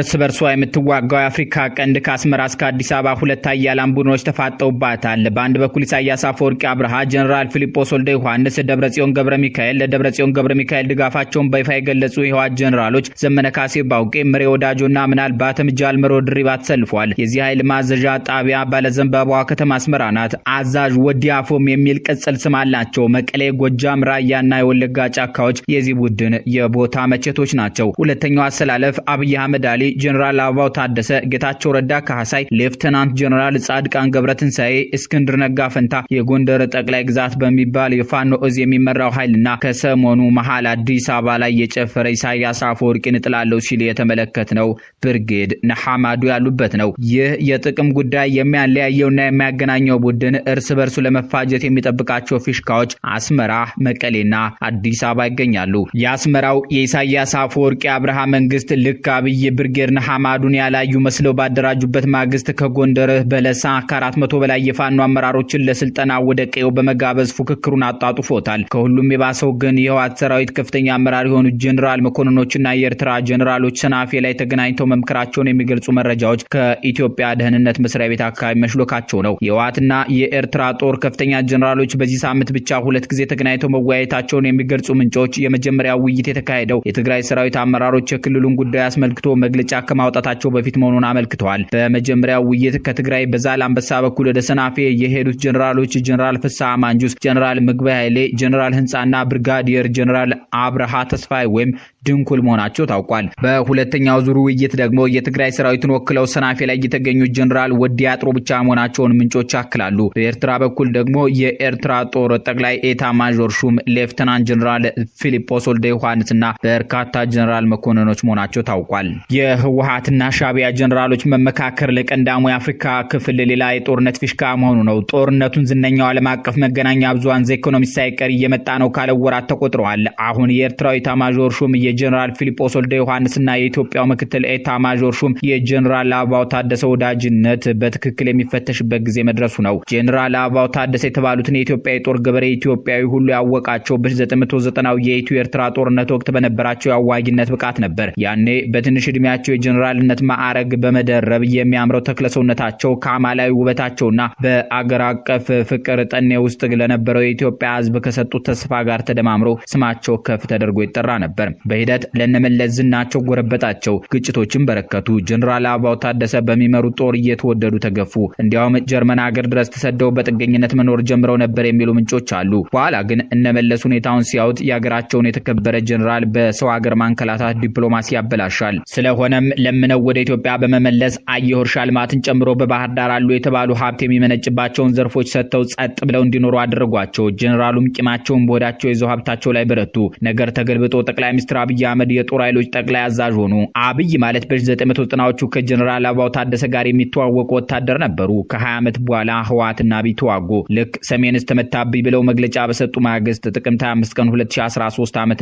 እርስ በርሷ የምትዋጋው የአፍሪካ ቀንድ ከአስመራ እስከ አዲስ አበባ ሁለት አያላን ቡድኖች ተፋጠውባታል። በአንድ በኩል ኢሳያስ አፈወርቂ አብርሃ፣ ጀኔራል ፊሊጶስ ወልደ ዮሐንስ፣ ደብረጽዮን ገብረ ሚካኤል ለደብረጽዮን ገብረ ሚካኤል ድጋፋቸውን በይፋ የገለጹ የህወሓት ጀኔራሎች ዘመነ ካሴ ባውቄ፣ ምሬ ወዳጆና ምናልባትም ጃልመሮ ድሪባ ተሰልፏል። የዚህ ኃይል ማዘዣ ጣቢያ ባለዘንባባዋ ከተማ አስመራ ናት። አዛዥ ወዲ አፎም የሚል ቅጽል ስም አላቸው። መቀሌ፣ ጎጃም፣ ራያና የወለጋ ጫካዎች የዚህ ቡድን የቦታ መቼቶች ናቸው። ሁለተኛው አሰላለፍ አብይ አህመድ አሊ ጀኔራል አበባው ታደሰ፣ ጌታቸው ረዳ ካህሳይ፣ ሌፍተናንት ጀኔራል ጻድቃን ገብረትንሳኤ፣ እስክንድር ነጋ ፈንታ የጎንደር ጠቅላይ ግዛት በሚባል የፋኖ እዝ የሚመራው ኃይልና ከሰሞኑ መሀል አዲስ አበባ ላይ የጨፈረ ኢሳያስ አፈወርቂን እጥላለሁ ሲል ነው ብርጌድ ነሐማዱ ያሉበት ነው። ይህ የጥቅም ጉዳይ የሚያለያየውና የሚያገናኘው ቡድን እርስ በርሱ ለመፋጀት የሚጠብቃቸው ፊሽካዎች አስመራ፣ መቀሌና አዲስ አበባ ይገኛሉ። የአስመራው የኢሳያስ አፈወርቂ አብርሃ መንግስት ልክ አብይ ብርጌድ ብርጌድና ሐማዱን ያላዩ መስለው ባደራጁበት ማግስት ከጎንደር በለሳ ከአራት መቶ በላይ የፋኖ አመራሮችን ለስልጠና ወደ ቀየው በመጋበዝ ፉክክሩን አጣጡፎታል። ከሁሉም የባሰው ግን የህወሓት ሰራዊት ከፍተኛ አመራር የሆኑ ጀነራል መኮንኖችና የኤርትራ ጀነራሎች ሰናፌ ላይ ተገናኝተው መምከራቸውን የሚገልጹ መረጃዎች ከኢትዮጵያ ደህንነት መስሪያ ቤት አካባቢ መሽሎካቸው ነው። የህወሓትና የኤርትራ ጦር ከፍተኛ ጀነራሎች በዚህ ሳምንት ብቻ ሁለት ጊዜ ተገናኝተው መወያየታቸውን የሚገልጹ ምንጮች የመጀመሪያው ውይይት የተካሄደው የትግራይ ሰራዊት አመራሮች የክልሉን ጉዳይ አስመልክቶ መግለጫ ጫፍ ከማውጣታቸው በፊት መሆኑን አመልክተዋል። በመጀመሪያው ውይይት ከትግራይ በዛላምበሳ በኩል ወደ ሰናፌ የሄዱት ጀኔራሎች ጀኔራል ፍሳ ማንጁስ፣ ጀኔራል ምግበይ ኃይሌ፣ ጀኔራል ህንፃና ብርጋዲየር ጀኔራል አብርሃ ተስፋይ ወይም ድንኩል መሆናቸው ታውቋል። በሁለተኛው ዙር ውይይት ደግሞ የትግራይ ሰራዊትን ወክለው ሰናፌ ላይ የተገኙት ጀኔራል ወዲ አጥሮ ብቻ መሆናቸውን ምንጮች ያክላሉ። በኤርትራ በኩል ደግሞ የኤርትራ ጦር ጠቅላይ ኤታ ማዦር ሹም ሌፍተናንት ጀኔራል ፊሊጶስ ወልደ ዮሐንስና በርካታ ጀኔራል መኮንኖች መሆናቸው ታውቋል። የህወሀትና ሻቢያ ጀኔራሎች መመካከር ለቀንዳሙ የአፍሪካ ክፍል ሌላ የጦርነት ፊሽካ መሆኑ ነው። ጦርነቱን ዝነኛው ዓለም አቀፍ መገናኛ ብዙሀን ዘ ኢኮኖሚስት ሳይቀር እየመጣ ነው ካለ ወራት ተቆጥረዋል። አሁን የኤርትራው ኤታማዦር ሹም የጀኔራል ፊሊጶስ ወልደ ዮሐንስና የኢትዮጵያው ምክትል ኤታማዦር ሹም የጀኔራል አበባው ታደሰ ወዳጅነት በትክክል የሚፈተሽበት ጊዜ መድረሱ ነው። ጀኔራል አበባው ታደሰ የተባሉትን የኢትዮጵያ የጦር ገበሬ ኢትዮጵያዊ ሁሉ ያወቃቸው በ1990ው የኢትዮ ኤርትራ ጦርነት ወቅት በነበራቸው የአዋጊነት ብቃት ነበር። ያኔ በትንሽ ዕድሜያ ያላቸው የጀኔራልነት ማዕረግ በመደረብ የሚያምረው ተክለሰውነታቸው ከአማላዊ ውበታቸውና በአገር አቀፍ ፍቅር ጠኔ ውስጥ ለነበረው የኢትዮጵያ ሕዝብ ከሰጡት ተስፋ ጋር ተደማምሮ ስማቸው ከፍ ተደርጎ ይጠራ ነበር። በሂደት ለነመለስ ዝናቸው ጎረበጣቸው፣ ግጭቶችን በረከቱ። ጀኔራል አበባው ታደሰ በሚመሩት ጦር እየተወደዱ ተገፉ። እንዲያውም ጀርመን ሀገር ድረስ ተሰደው በጥገኝነት መኖር ጀምረው ነበር የሚሉ ምንጮች አሉ። በኋላ ግን እነመለስ ሁኔታውን ሲያዩት የሀገራቸውን የተከበረ ጀኔራል በሰው ሀገር ማንከላታት ዲፕሎማሲ ያበላሻል ስለሆነ ስለሆነም ለምነው ወደ ኢትዮጵያ በመመለስ አየሁ እርሻ ልማትን ጨምሮ በባህር ዳር አሉ የተባሉ ሀብት የሚመነጭባቸውን ዘርፎች ሰጥተው ጸጥ ብለው እንዲኖሩ አደረጓቸው። ጀኔራሉም ቂማቸውን በወዳቸው ይዘው ሀብታቸው ላይ በረቱ። ነገር ተገልብጦ ጠቅላይ ሚኒስትር አብይ አህመድ የጦር ኃይሎች ጠቅላይ አዛዥ ሆኑ። አብይ ማለት በ1990ዎቹ ከጀኔራል አበባው ታደሰ ጋር የሚተዋወቁ ወታደር ነበሩ። ከ20 ዓመት በኋላ ህወሓትና አብይ ተዋጉ። ልክ ሰሜንስ ተመታብኝ ብለው መግለጫ በሰጡ ማግስት ጥቅምት 25 ቀን 2013 ዓ.ም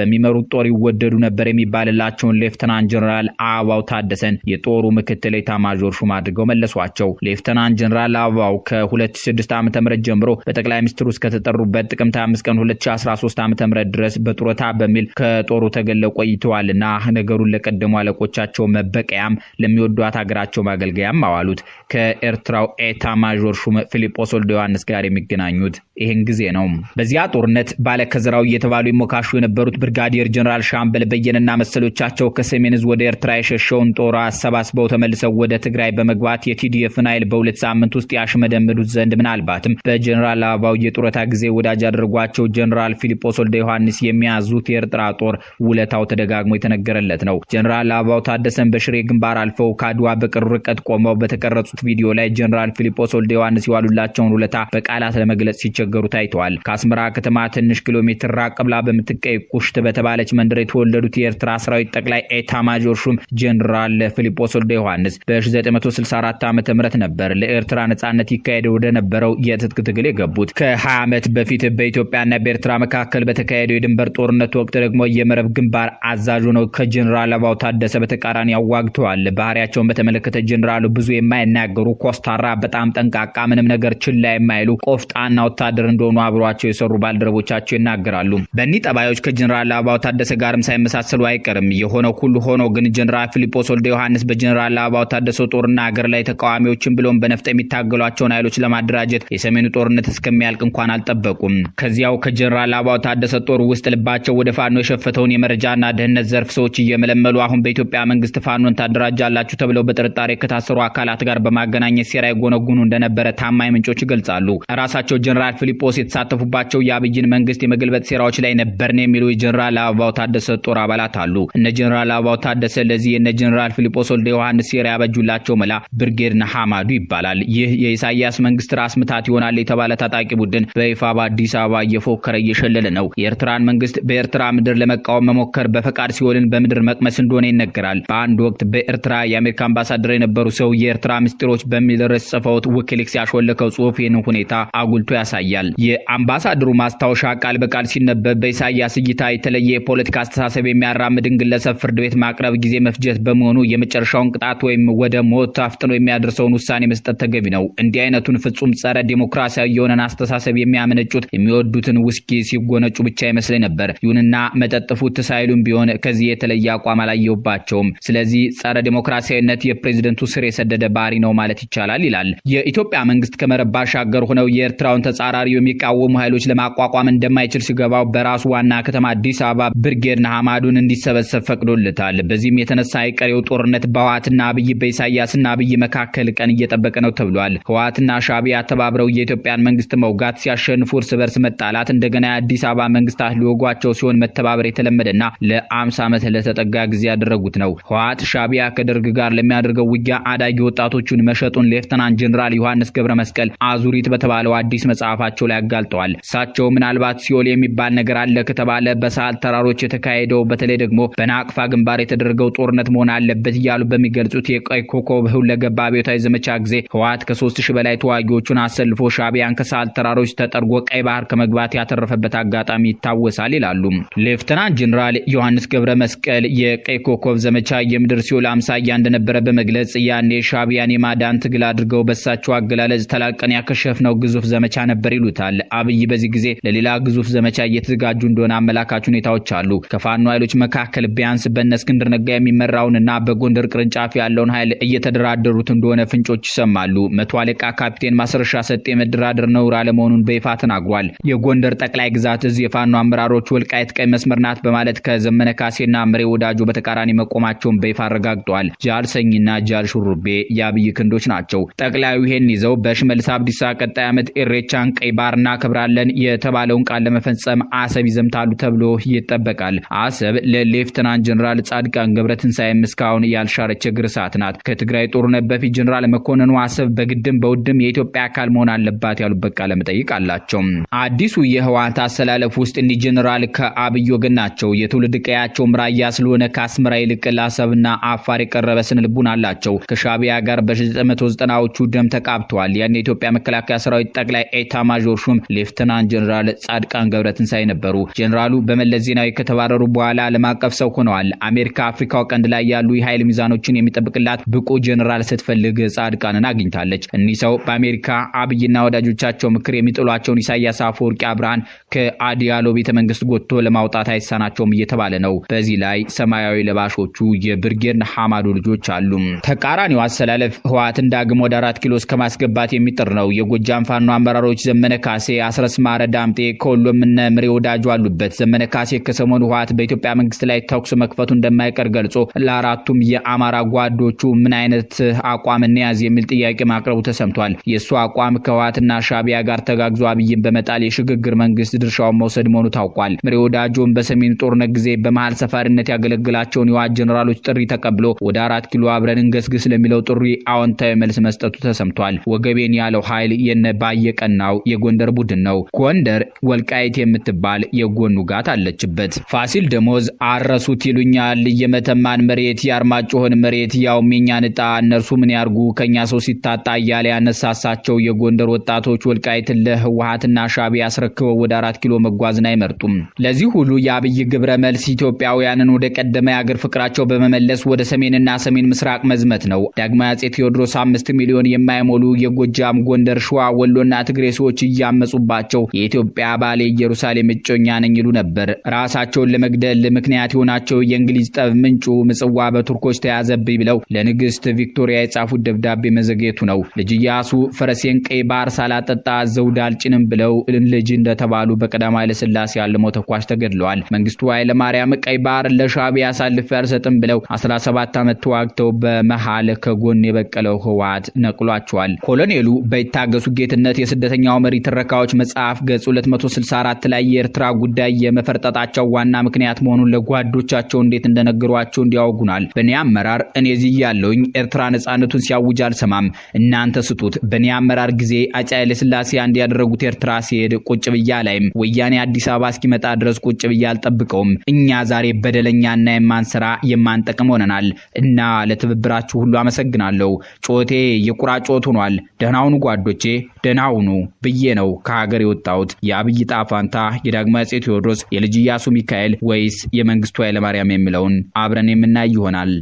በሚመሩት ጦር ይወደዱ ነበር የሚባልላቸውን ሌፍተናንት ጀኔራል አበባው ታደሰን የጦሩ ምክትል ኤታማዦር ሹም አድርገው መለሷቸው። ሌፍተናንት ጀነራል አበባው ከ2006 ዓ.ም ጀምሮ በጠቅላይ ሚኒስትሩ እስከተጠሩበት ጥቅምት 5 ቀን 2013 ዓ.ም ድረስ በጡረታ በሚል ከጦሩ ተገለው ቆይተዋልና ነገሩን ለቀደሙ አለቆቻቸው መበቀያም ለሚወዷት ሀገራቸው ማገልገያም አዋሉት። ከኤርትራው ኤታማዦር ሹም ፊሊጶስ ወልደ ዮሐንስ ጋር የሚገናኙት ይህን ጊዜ ነው። በዚያ ጦርነት ባለከዘራው እየተባሉ ይሞካሹ የነበሩት ብርጋዲየር ጀነራል ሻምበል በየነና መሰሎቻቸው ከሰሜን ዕዝ ወደ ኤርትራ ከኤርትራ የሸሸውን ጦር አሰባስበው ተመልሰው ወደ ትግራይ በመግባት የቲዲኤፍን ኃይል በሁለት ሳምንት ውስጥ ያሽመደምዱት ዘንድ ምናልባትም በጀኔራል አበባው የጡረታ ጊዜ ወዳጅ አድርጓቸው ጀኔራል ፊሊጶስ ወልደ ዮሐንስ የሚያዙት የኤርትራ ጦር ውለታው ተደጋግሞ የተነገረለት ነው። ጀኔራል አበባው ታደሰን በሽሬ ግንባር አልፈው ከአድዋ በቅርብ ርቀት ቆመው በተቀረጹት ቪዲዮ ላይ ጀኔራል ፊሊጶስ ወልደ ዮሐንስ የዋሉላቸውን ውለታ በቃላት ለመግለጽ ሲቸገሩ ታይተዋል። ከአስመራ ከተማ ትንሽ ኪሎ ሜትር ራቅ ብላ በምትቀይ ቁሽት በተባለች መንደር የተወለዱት የኤርትራ ሰራዊት ጠቅላይ ኤታ ማጆር ሹም ጀነራል ፊሊጶስ ወልደ ዮሐንስ በ1964 ዓ ም ነበር ለኤርትራ ነጻነት ይካሄድ ወደ ነበረው የትጥቅ ትግል የገቡት። ከ20 ዓመት በፊት በኢትዮጵያና በኤርትራ መካከል በተካሄደው የድንበር ጦርነት ወቅት ደግሞ የመረብ ግንባር አዛዥ ነው ከጀነራል አበባው ታደሰ በተቃራኒ አዋግተዋል። ባህሪያቸውን በተመለከተ ጀኔራሉ ብዙ የማይናገሩ ኮስታራ፣ በጣም ጠንቃቃ፣ ምንም ነገር ችላ የማይሉ ቆፍጣና ወታደር እንደሆኑ አብሯቸው የሰሩ ባልደረቦቻቸው ይናገራሉ። በእኒህ ጠባዮች ከጀነራል አበባው ታደሰ ጋርም ሳይመሳሰሉ አይቀርም። የሆነ ሁሉ ሆኖ ግን ጀኔራል ፊሊጶስ ወልደ ዮሐንስ በጀኔራል አበባው ታደሰው ጦርና ሀገር ላይ ተቃዋሚዎችን ብሎም በነፍጠ የሚታገሏቸውን ኃይሎች ለማደራጀት የሰሜኑ ጦርነት እስከሚያልቅ እንኳን አልጠበቁም። ከዚያው ከጀኔራል አበባው ታደሰ ጦር ውስጥ ልባቸው ወደ ፋኖ የሸፈተውን የመረጃና ደህንነት ዘርፍ ሰዎች እየመለመሉ አሁን በኢትዮጵያ መንግስት ፋኖን ታደራጃላችሁ ተብለው በጥርጣሬ ከታሰሩ አካላት ጋር በማገናኘት ሴራ ይጎነጉኑ እንደነበረ ታማኝ ምንጮች ይገልጻሉ። ራሳቸው ጀኔራል ፊሊጶስ የተሳተፉባቸው የአብይን መንግስት የመገልበጥ ሴራዎች ላይ ነበርን የሚሉ የጀኔራል አበባው ታደሰ ጦር አባላት አሉ። እነ ጀኔራል አበባው ታደሰ ስለዚህ የነ ጀኔራል ፊልጶስ ወልደ ዮሐንስ ሴራ ያበጁላቸው መላ ብርጌድ ሐማዱ ይባላል። ይህ የኢሳያስ መንግስት ራስ ምታት ይሆናል የተባለ ታጣቂ ቡድን በይፋ በአዲስ አበባ እየፎከረ እየሸለለ ነው። የኤርትራን መንግስት በኤርትራ ምድር ለመቃወም መሞከር በፈቃድ ሲኦልን በምድር መቅመስ እንደሆነ ይነገራል። በአንድ ወቅት በኤርትራ የአሜሪካ አምባሳደር የነበሩ ሰው የኤርትራ ምስጢሮች በሚል ርዕስ ጽፈውት ዊኪሊክስ ያሾለከው ጽሁፍ ይህንን ሁኔታ አጉልቶ ያሳያል። የአምባሳደሩ ማስታወሻ ቃል በቃል ሲነበብ በኢሳያስ እይታ የተለየ የፖለቲካ አስተሳሰብ የሚያራምድን ግለሰብ ፍርድ ቤት ማቅረብ ጊዜ መፍጀት በመሆኑ የመጨረሻውን ቅጣት ወይም ወደ ሞት አፍጥኖ የሚያደርሰውን ውሳኔ መስጠት ተገቢ ነው። እንዲህ አይነቱን ፍጹም ጸረ ዴሞክራሲያዊ የሆነን አስተሳሰብ የሚያመነጩት የሚወዱትን ውስኪ ሲጎነጩ ብቻ ይመስለኝ ነበር። ይሁንና መጠጥፉት ሳይሉም ቢሆን ከዚህ የተለየ አቋም አላየውባቸውም ስለዚህ ጸረ ዴሞክራሲያዊነት የፕሬዝደንቱ ስር የሰደደ ባህሪ ነው ማለት ይቻላል ይላል። የኢትዮጵያ መንግስት ከመረብ ባሻገር ሆነው የኤርትራውን ተጻራሪ የሚቃወሙ ኃይሎች ለማቋቋም እንደማይችል ሲገባው በራሱ ዋና ከተማ አዲስ አበባ ብርጌድ ንሓመዱን እንዲሰበሰብ ፈቅዶለታል። በዚህም የተ የተነሳ የቀሬው ጦርነት በህወሓትና አብይ በኢሳያስና አብይ መካከል ቀን እየጠበቀ ነው ተብሏል። ህዋትና ሻዕቢያ ተባብረው የኢትዮጵያን መንግስት መውጋት ሲያሸንፉ እርስ በርስ መጣላት፣ እንደገና የአዲስ አበባ መንግስታት ሊወጓቸው ሲሆን መተባበር የተለመደና ለ50 ዓመት ለተጠጋ ጊዜ ያደረጉት ነው። ህዋት ሻቢያ ከደርግ ጋር ለሚያደርገው ውጊያ አዳጊ ወጣቶቹን መሸጡን ሌፍተናንት ጀኔራል ዮሐንስ ገብረ መስቀል አዙሪት በተባለው አዲስ መጽሐፋቸው ላይ አጋልጠዋል። እሳቸው ምናልባት ሲኦል የሚባል ነገር አለ ከተባለ በሳህል ተራሮች የተካሄደው በተለይ ደግሞ በናቅፋ ግንባር የተደረገው ጦርነት መሆን አለበት እያሉ በሚገልጹት የቀይ ኮከብ ሁለገብ አብዮታዊ ዘመቻ ጊዜ ህወሓት ከሶስት ሺህ በላይ ተዋጊዎቹን አሰልፎ ሻቢያን ከሳል ተራሮች ተጠርጎ ቀይ ባህር ከመግባት ያተረፈበት አጋጣሚ ይታወሳል ይላሉ ሌፍትናንት ጀኔራል ዮሐንስ ገብረ መስቀል። የቀይ ኮከብ ዘመቻ የምድር ሲኦል አምሳያ እንደነበረ በመግለጽ ያኔ ሻቢያን የማዳን ትግል አድርገው በሳቸው አገላለጽ ተላቀን ያከሸፍነው ግዙፍ ዘመቻ ነበር ይሉታል። አብይ በዚህ ጊዜ ለሌላ ግዙፍ ዘመቻ እየተዘጋጁ እንደሆነ አመላካች ሁኔታዎች አሉ። ከፋኖ ኃይሎች መካከል ቢያንስ በእነ እስክንድር ነጋ የሚ የሚመራውንና በጎንደር ቅርንጫፍ ያለውን ኃይል እየተደራደሩት እንደሆነ ፍንጮች ይሰማሉ። መቶ አለቃ ካፕቴን ማስረሻ ሰጤ መደራደር ነውር አለመሆኑን በይፋ ተናግሯል። የጎንደር ጠቅላይ ግዛት እዝ የፋኖ አመራሮች ወልቃይት ቀይ መስመር ናት በማለት ከዘመነ ካሴና ምሬ ወዳጆ በተቃራኒ መቆማቸውን በይፋ አረጋግጠዋል። ጃል ሰኝና ጃል ሹሩቤ የአብይ ክንዶች ናቸው። ጠቅላዩ ይሄን ይዘው በሽመልስ አብዲሳ ቀጣይ ዓመት ኢሬቻን ቀይ ባህር እናከብራለን የተባለውን ቃል ለመፈጸም አሰብ ይዘምታሉ ተብሎ ይጠበቃል። አሰብ ለሌፍትናንት ጀኔራል ጻድቃን ገብረ በትንሣኤም እስካሁን ያልሻረ እግር እሳት ናት። ከትግራይ ጦርነት በፊት ጀኔራል መኮንን ዋሰብ በግድም በውድም የኢትዮጵያ አካል መሆን አለባት ያሉበት ቃለ መጠይቅ አላቸው። አዲሱ የህወሓት አሰላለፍ ውስጥ እኒህ ጀኔራል ከአብይ ወገን ናቸው። የትውልድ ቀያቸውም ራያ ስለሆነ ከአስመራ ይልቅ ለአሰብና አፋር የቀረበ ስነ ልቡና አላቸው። ከሻቢያ ጋር በ1990ዎቹ ደም ተቃብተዋል። ያን የኢትዮጵያ መከላከያ ሰራዊት ጠቅላይ ኤታ ማዦር ሹም ሌፍትናንት ጀኔራል ጻድቃን ትንሳኤ ነበሩ። ጀኔራሉ በመለስ ዜናዊ ከተባረሩ በኋላ ዓለም አቀፍ ሰው ሆነዋል። አሜሪካ አፍሪካ ቀንድ ላይ ያሉ የኃይል ሚዛኖችን የሚጠብቅላት ብቁ ጀኔራል ስትፈልግ ጻድቃንን አግኝታለች። እኒህ ሰው በአሜሪካ አብይና ወዳጆቻቸው ምክር የሚጥሏቸውን ኢሳያስ አፈወርቂ አብርሃን ከአዲያሎ ቤተ መንግስት ጎትቶ ለማውጣት አይሳናቸውም እየተባለ ነው። በዚህ ላይ ሰማያዊ ለባሾቹ የብርጌድ ሐማዶ ልጆች አሉ። ተቃራኒው አሰላለፍ ህወሓትን ዳግም ወደ አራት ኪሎ እስከ ማስገባት የሚጥር ነው። የጎጃም ፋኖ አመራሮች ዘመነ ካሴ፣ አስረስ ማረ ዳምጤ ከሁሉም እነ ምሬ ወዳጁ አሉበት። ዘመነ ካሴ ከሰሞኑ ህወሓት በኢትዮጵያ መንግስት ላይ ተኩስ መክፈቱ እንደማይቀር ገልጾ ለአራቱም የአማራ ጓዶቹ ምን አይነት አቋም እንያዝ የሚል ጥያቄ ማቅረቡ ተሰምቷል። የእሱ አቋም ከህወሓትና ሻቢያ ጋር ተጋግዞ አብይን በመጣል የሽግግር መንግስት ድርሻውን መውሰድ መሆኑ ታውቋል። መሪ ወዳጆን በሰሜኑ ጦርነት ጊዜ በመሀል ሰፋሪነት ያገለግላቸውን የህወሓት ጀኔራሎች ጥሪ ተቀብሎ ወደ አራት ኪሎ አብረን እንገስግስ ለሚለው ጥሪ አዎንታዊ መልስ መስጠቱ ተሰምቷል። ወገቤን ያለው ኃይል የነ ባየቀናው የጎንደር ቡድን ነው። ጎንደር ወልቃይት የምትባል የጎኑ ጋት አለችበት። ፋሲል ደሞዝ አረሱት ይሉኛል የመተማ ማን መሬት የአርማጭሆን መሬት ያው ሚኛ ንጣ እነርሱ ምን ያርጉ ከኛ ሰው ሲታጣ እያለ ያነሳሳቸው የጎንደር ወጣቶች ወልቃይትን ለህወሀትና ሻቢ አስረክበው ወደ አራት ኪሎ መጓዝን አይመርጡም። ለዚህ ሁሉ የአብይ ግብረ መልስ ኢትዮጵያውያንን ወደ ቀደመ የአገር ፍቅራቸው በመመለስ ወደ ሰሜንና ሰሜን ምስራቅ መዝመት ነው። ዳግማዊ አጼ ቴዎድሮስ አምስት ሚሊዮን የማይሞሉ የጎጃም ጎንደር፣ ሸዋ፣ ወሎና ትግሬ ሰዎች እያመጹባቸው የኢትዮጵያ ባሌ ኢየሩሳሌም እጮኛ ነኝ ይሉ ነበር። ራሳቸውን ለመግደል ምክንያት የሆናቸው የእንግሊዝ ጠብ ምንጩ ምጽዋ በቱርኮች ተያዘብኝ ብለው ለንግሥት ቪክቶሪያ የጻፉት ደብዳቤ መዘግየቱ ነው። ልጅ ኢያሱ ፈረሴን ቀይ ባህር ሳላጠጣ ዘውድ አልጭንም ብለው ልጅ እንደተባሉ በቀዳማዊ ኃይለሥላሴ ያለመው ተኳሽ ተገድለዋል። መንግስቱ ኃይለማርያም ቀይ ባህር ለሻዕቢያ አሳልፌ አልሰጥም ብለው 17 ዓመት ተዋግተው በመሃል ከጎን የበቀለው ህወሓት ነቅሏቸዋል። ኮሎኔሉ በይታገሱ ጌትነት የስደተኛው መሪ ትረካዎች መጽሐፍ ገጽ 264 ላይ የኤርትራ ጉዳይ የመፈርጠጣቸው ዋና ምክንያት መሆኑን ለጓዶቻቸው እንዴት እንደነገሯቸው እንዲያወጉናል። በእኔ አመራር እኔ እዚህ ያለውኝ ኤርትራ ነጻነቱን ሲያውጅ አልሰማም፣ እናንተ ስጡት። በእኔ አመራር ጊዜ አፄ ኃይለሥላሴ አንድ ያደረጉት ኤርትራ ሲሄድ ቁጭ ብያ ላይም ወያኔ አዲስ አበባ እስኪመጣ ድረስ ቁጭ ብያ አልጠብቀውም። እኛ ዛሬ በደለኛና የማንሰራ የማንጠቅም ሆነናል እና ለትብብራችሁ ሁሉ አመሰግናለሁ። ጮቴ የቁራ ጮት ሆኗል። ደህናውኑ ጓዶቼ ደናውኑ ብዬ ነው ከሀገር የወጣሁት። የአብይ ጣፋንታ የዳግማ የዳግማዊ ቴዎድሮስ የልጅ ኢያሱ ሚካኤል ወይስ የመንግስቱ ኃይለማርያም የሚለውን አብረን የምናይ ይሆናል።